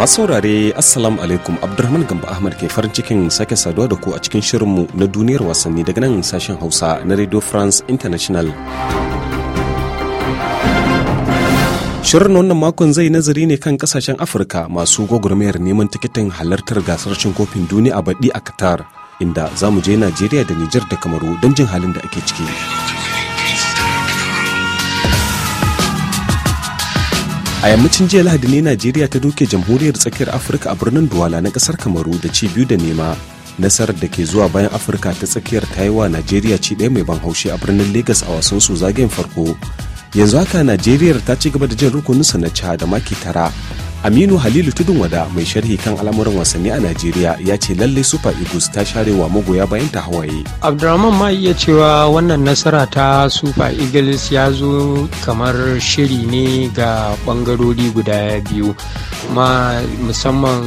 masu saurare assalamu alaikum abdulrahman gamba ahmad ke farin cikin sake saduwa da ku a cikin shirinmu na duniyar wasanni daga nan sashen hausa na radio france international shirin wannan makon zai nazari ne kan kasashen afirka masu gwagwarmayar neman tikitin halartar gasar cin kofin duniya a baɗi a qatar inda za mu je najeriya da nijar da kamaru don jin halin da ake ciki a yammacin jiya lahadi ne najeriya ta doke jamhuriyar tsakiyar afirka a birnin duwala na kasar kamaru da ci biyu da nema nasarar da ke zuwa bayan afirka ta tsakiyar ta yi wa najeriya ci ɗaya mai ban haushe a birnin legas a wasan su zagayen farko yanzu haka najeriyar ta ci gaba da jin rukunin na da maki tara aminu halilu tudun wada mai sharhi kan al'amuran wasanni a najeriya ya ce lallai super eagles ta share wa magoya bayan ta hawaye abdurrahman ma iya cewa wannan nasara ta super eagles ya zo kamar shiri ne ga bangarori guda biyu ma musamman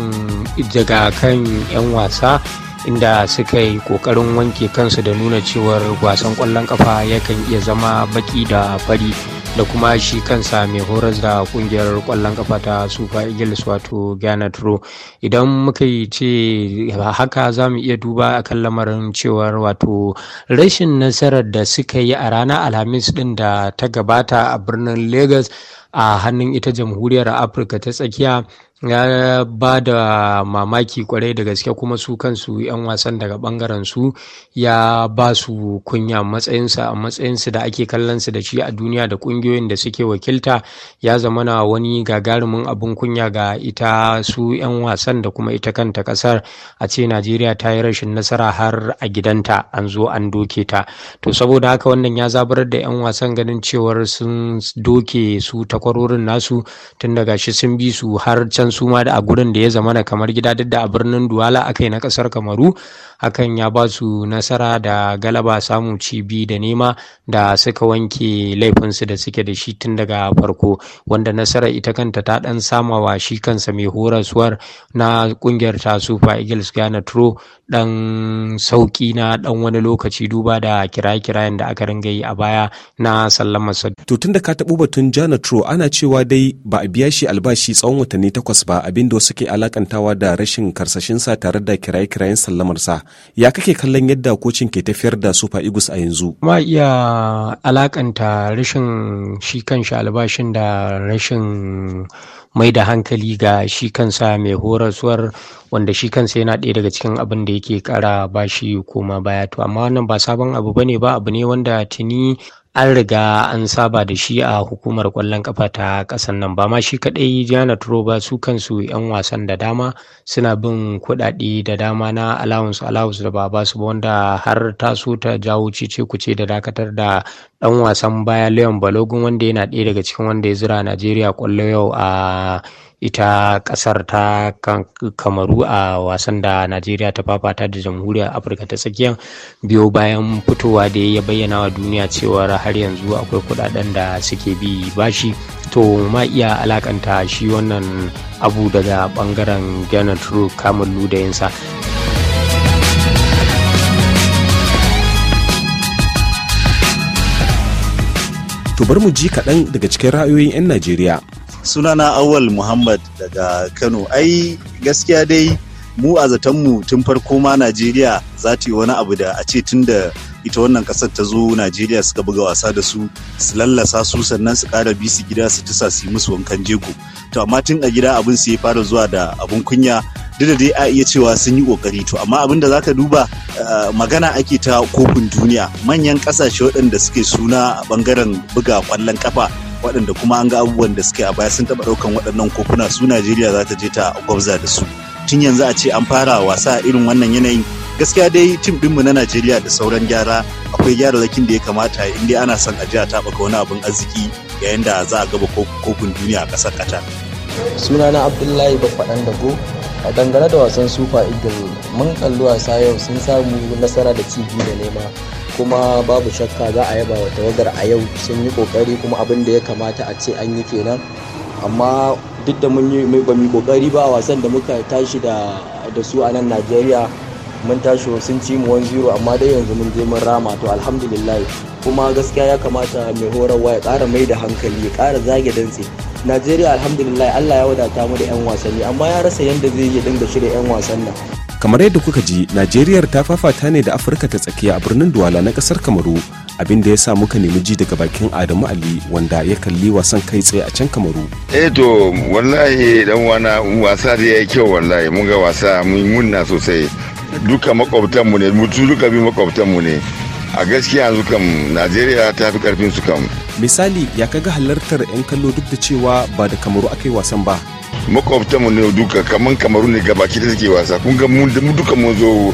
daga kan 'yan wasa inda suka yi kokarin wanke kansu da nuna cewar wasan kwallon kafa yakan iya zama baki da fari da kuma shi kansa mai horar da kungiyar kwallon kafa ta sufa eagles wato ghana tro idan muka yi ce haka za mu iya duba a kan lamarin cewar wato rashin nasarar da suka yi a ranar alhamis din da ta gabata a birnin lagos a hannun ita jamhuriyar afirka ta tsakiya ya ba da mamaki kwarai da gaske kuma su kansu 'yan wasan daga bangaren su ya ba su kunya matsayinsa a matsayinsu da ake kallon da shi a duniya da kungiyoyin da suke wakilta ya zama na wani gagarumin abin kunya ga ita su 'yan wasan da kuma ita kanta kasar a ce najeriya ta yi rashin nasara har a gidanta an zo an doke ta to saboda haka wannan ya zabar da 'yan wasan ganin cewar sun doke su takwarorin nasu tun daga shi sun bi su har can su ma da a gurin da ya zamana kamar gida duk da a birnin duwala aka yi na kasar kamaru hakan ya ba su nasara da galaba samu cibi da nema da suka wanke laifinsu da suke da shi tun daga farko wanda nasara ita kanta ta dan samawa shi kansa mai horaswar na kungiyar ta super eagles gana tro dan sauki na dan wani lokaci duba da kiraye-kirayen da aka ringa yi a baya na sallama to tun da ka taɓo batun jana tro ana cewa dai ba a biya shi albashi tsawon watanni takwas abin ba abinda ke alakantawa da rashin karsashinsa tare da kiraye-kirayen sallamarsa. Ya kake kallon yadda kocin ke tafiyar da Super Eagles a yanzu? Ma iya alakanta rashin shi shi albashin da rashin mai da hankali ga shi kansa mai horaswar wanda shi kansa yana ɗaya daga cikin abin da yake kara bashi koma baya to amma wannan ba sabon abu bane ba abu ne wanda tuni an riga an saba da shi a hukumar kwallon kafa ta kasan nan ba ma shi kadai janet turo ba su kansu 'yan wasan da dama suna bin kuɗaɗe da dama na allowance allowance da ba basu ba wanda har ta so ta jawo cece kuce da dakatar da ɗan wasan baya leon balogun wanda yana ɗaya daga cikin wanda ya zira najeriya kwallo yau a ita kasar ta kamaru a wasan da najeriya ta fafata da jamhuriyar afirka ta tsakiya biyo bayan fitowa da ya bayyana wa duniya cewar har yanzu akwai kudaden da suke bi bashi to ma iya alakanta shi wannan abu daga bangaren ganar turu kamun ludayinsa to bar mu ji kaɗan daga cikin ra'ayoyin 'yan najeriya sunana awal muhammad daga kano ai gaskiya dai mu a zatonmu tun farko ma najeriya za ta yi wani abu da a ce tun da ita wannan kasar ta zo najeriya suka buga wasa da su su lallasa su sannan su kara bisu gida su tisa su yi musu wankan jego to amma tun a gida abin su ya fara zuwa da abin kunya duk da dai a iya cewa sun yi kokari to amma abin da zaka duba eh, magana ake ta kofin duniya manyan kasashe waɗanda suke suna a bangaren buga kwallon kafa waɗanda kuma an ga abubuwan da suke a baya sun taɓa ɗaukan waɗannan kokuna su najeriya za ta je ta gwabza da su tun yanzu a ce an fara wasa a irin wannan yanayin gaskiya dai tim ɗinmu na najeriya da sauran gyara akwai gyara zakin da ya kamata in dai ana son a je a taɓaka wani abin arziki yayin da za a gaba kofin duniya a ƙasar qatar sunana abdullahi bafaɗan dago a dangane da wasan super eagles mun kalli wasa yau sun samu nasara da ci biyu da nema kuma babu shakka za a yaba wa tawagar a yau sun yi kokari kuma abin da ya kamata a ce an yi kenan amma duk da mun yi ba mu kokari ba a wasan da muka tashi da su a nan Najeriya mun tashi sun ci mu 1-0 amma dai yanzu mun je mun rama to alhamdulillah kuma gaskiya ya kamata mai horarwa ya ƙara mai da hankali ya ƙara zage dantse Najeriya alhamdulillah Allah ya wadata mu da 'yan wasanni amma ya rasa yadda zai yi dinga shirya 'yan wasan nan kamar yadda kuka ji najeriya ta fafata ne da afirka ta tsakiya a birnin duwala na kasar kamaru abin da ya sa muka nemi ji daga bakin adamu ali wanda ya kalli wasan kai tsaye a can kamaru eh to wallahi dan wana wasa da ya kyau wallahi mun ga wasa mun munna sosai duka makwabtan mu ne mutu duka bi makwabtan mu ne a gaskiya yanzu kam najeriya ta fi karfin su kam misali ya kaga halartar 'yan kallo duk da cewa ba da kamaru aka yi wasan ba makwabta mu ne duka kaman kamaru ne baki da suke wasa kun ga mun duka mun zo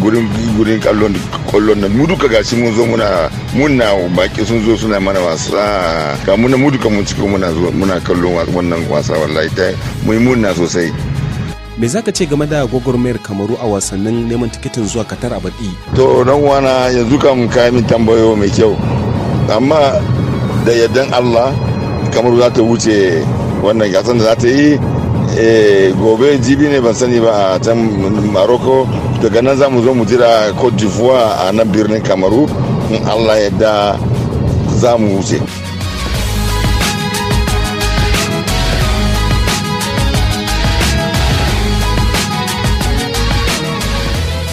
gurin gurin kallon kallon nan mu duka gashi mun zo muna muna baki sun zo suna mana wasa ga mun mu duka mun cikin muna zo muna kallon wannan wasa wallahi ta mu na sosai me za ka ce game da gwagwarmayar kamaru a wasannin neman tikitin zuwa katar a baɗi to dan wana yanzu kam kayan tambayo mai kyau amma da yardan Allah kamar za ta wuce wannan gasar da za ta yi eh, gobe jibi ne ban sani ba a can maroko daga nan za mu zo mu jira cote d'ivoire a nan birnin kamaru in allah da za mu wuce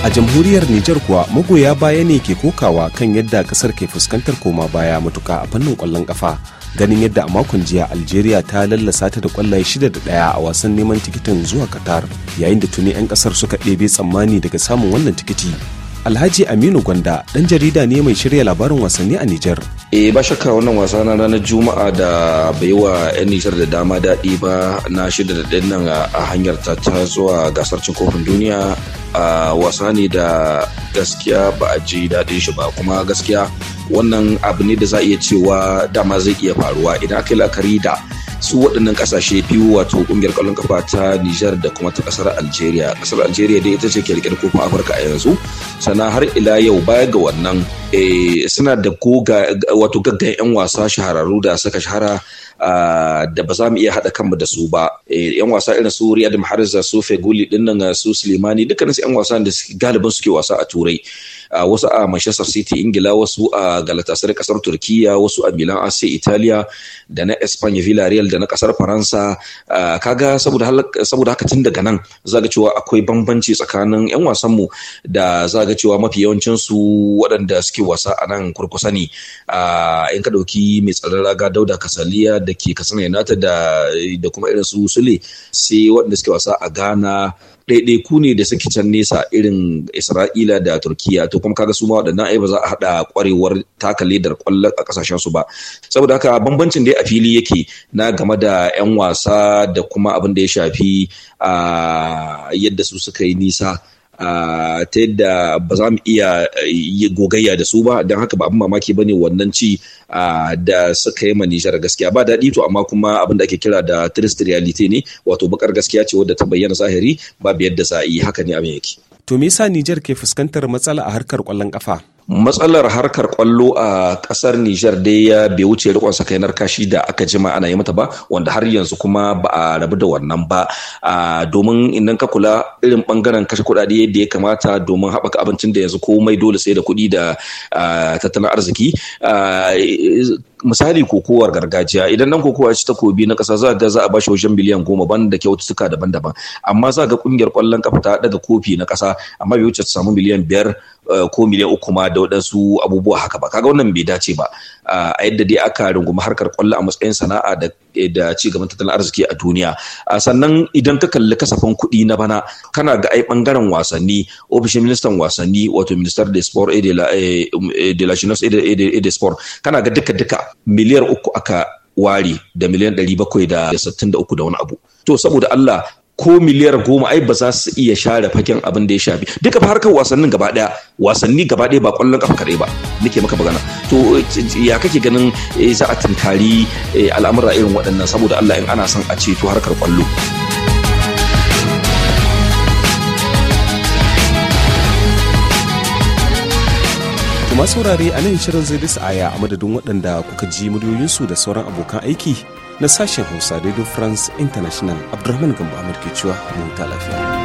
a jamhuriyar nijar kuwa magoya baya ne ke kokawa kan yadda kasar ke fuskantar koma baya matuka a fannin kwallon kafa ganin yadda a makon jiya algeria ta lallasa ta da kwallaye shida da daya a wasan neman tikitin zuwa qatar yayin da tuni 'yan kasar suka ɗebe tsammani daga samun wannan tikiti alhaji aminu gwanda ɗan jarida ne mai shirya labarin wasanni a nijar e ba shakka wannan wasa na ranar juma'a da bai wa 'yan nijar da dama daɗi ba na shida da ɗin nan a hanyar ta ta zuwa gasar cin kofin duniya a wasa ne da gaskiya ba a ji daɗin shi ba kuma gaskiya wannan abu ne da za a iya cewa dama zai iya faruwa idan aka yi la'akari da su waɗannan ƙasashe biyu wato ƙungiyar ƙwallon kafa ta Nijar da kuma ta ƙasar Algeria. Ƙasar Algeria dai ita ce ke riƙe kofin Afirka a yanzu. Sana har ila yau baya ga wannan eh, suna da goga wato gaggan 'yan wasa shahararru da suka shahara ah, da ba za mu iya haɗa kanmu da su ba yan eh, wasa irin su Riyad Mahrez su Feguli dinnan su Sulemani dukkan su yan wasa da galibin suke wasa a Turai wasu a Manchester City Ingila wasu a Galatasaray kasar Turkiya wasu a Milan AC Italiya da na Espanya Villarreal da na kasar Faransa kaga saboda saboda haka tun daga nan zaga cewa akwai bambanci tsakanin 'yan wasan mu da zaga cewa mafi yawancin su waɗanda suke wasa a nan kurkusa ne in ka ɗauki mai tsaron raga Dauda Kasaliya da ke Katsina United da da kuma irin su Sule sai waɗanda suke wasa a Ghana ɗaiɗaiku ne da suke can nesa irin Isra'ila da Turkiya to to kuma kaga su ma waɗannan ai ba za a haɗa kwarewar taka ledar kwallo a ƙasashen su ba saboda haka bambancin dai a fili yake na game da 'yan wasa da kuma abin da ya shafi yadda su suka yi nisa ta yadda ba za mu iya yi gogayya da su ba don haka ba abin mamaki ba ne wannan ci da suka yi manijar gaskiya ba daɗi to amma kuma abin da ake kira da trist reality ne wato bakar gaskiya ce wadda ta bayyana zahiri ba biyar da yi haka ne abin yake. To me yasa Nijar ke fuskantar matsala a harkar kwallon kafa. matsalar harkar kwallo a kasar Nijar dai ya bai wuce rikon sakainar kashi da aka jima ana yi mata ba wanda har yanzu kuma ba a rabu da wannan ba domin idan ka kula irin bangaren kashe kudade da ya kamata domin haɓaka abincin da yanzu komai dole sai da kuɗi da tattalin arziki misali kokowar gargajiya idan nan kokowa ci takobi na ƙasa za ga za a bashi wajen miliyan goma ban da kyaututtuka daban-daban amma za ga ƙungiyar ƙwallon kafa ta daga kofi na ƙasa amma bai wuce ta samu miliyan biyar Eh, ko miliyan uku ma da waɗansu abubuwa haka ba kaga wannan bai dace ba a yadda dai aka rungumi harkar kwallo a matsayin sana'a da eh, da ci gaban tattalin arziki a duniya sannan idan ka kalli kasafin kuɗi na bana kana ga ai bangaren wasanni ofishin ministan wasanni wato minister de sport eh, de la jeunesse e de sport kana ga duka duka miliyar uku aka wari da miliyan ɗari bakwai da sittin da uku da wani abu to saboda Allah ko miliyar goma ai ba za su iya share fagen abin da ya shafi duka harkar wasannin gaba daya wasanni gaba daya ba kwallon kafa kadai ba nake maka magana to ya kake ganin eh, za a tunkari eh, al'amura irin waɗannan saboda Allah in ana son a ceto harkar kwallo masu wurare a nan shirin zai disa aya a madadin waɗanda kuka ji muryoyinsu da sauran abokan aiki na sashen hausa daidai france international abdulrahman gamba amurke cewa mun ta lafiya